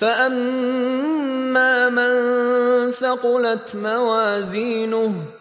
فأما من ثقلت موازينه